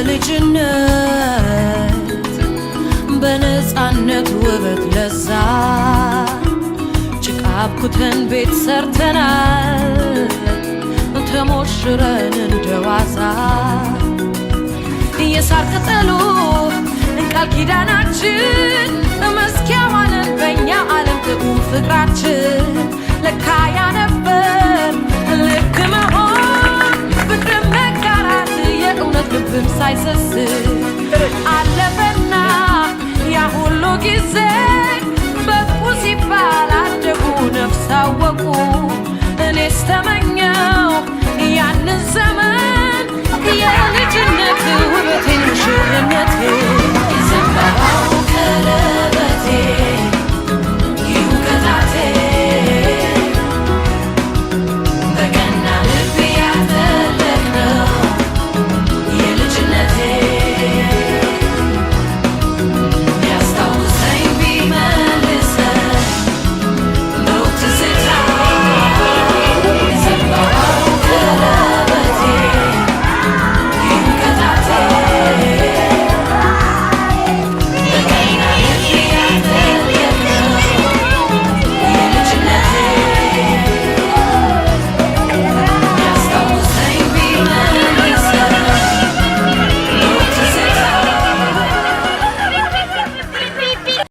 በልጅነት በነፃነት ውበት ለዛ ጭቃ ቤት ሰርተናል ተሞሽረን እንደዋዛ የሳር ቅጠሉ ቃል ኪዳናችን ሳይሰስት አለፈና ያ ሁሉ ጊዜ በቁ ሲባል አደጉ ነፍስ አወቁ እኔስ ተመኘ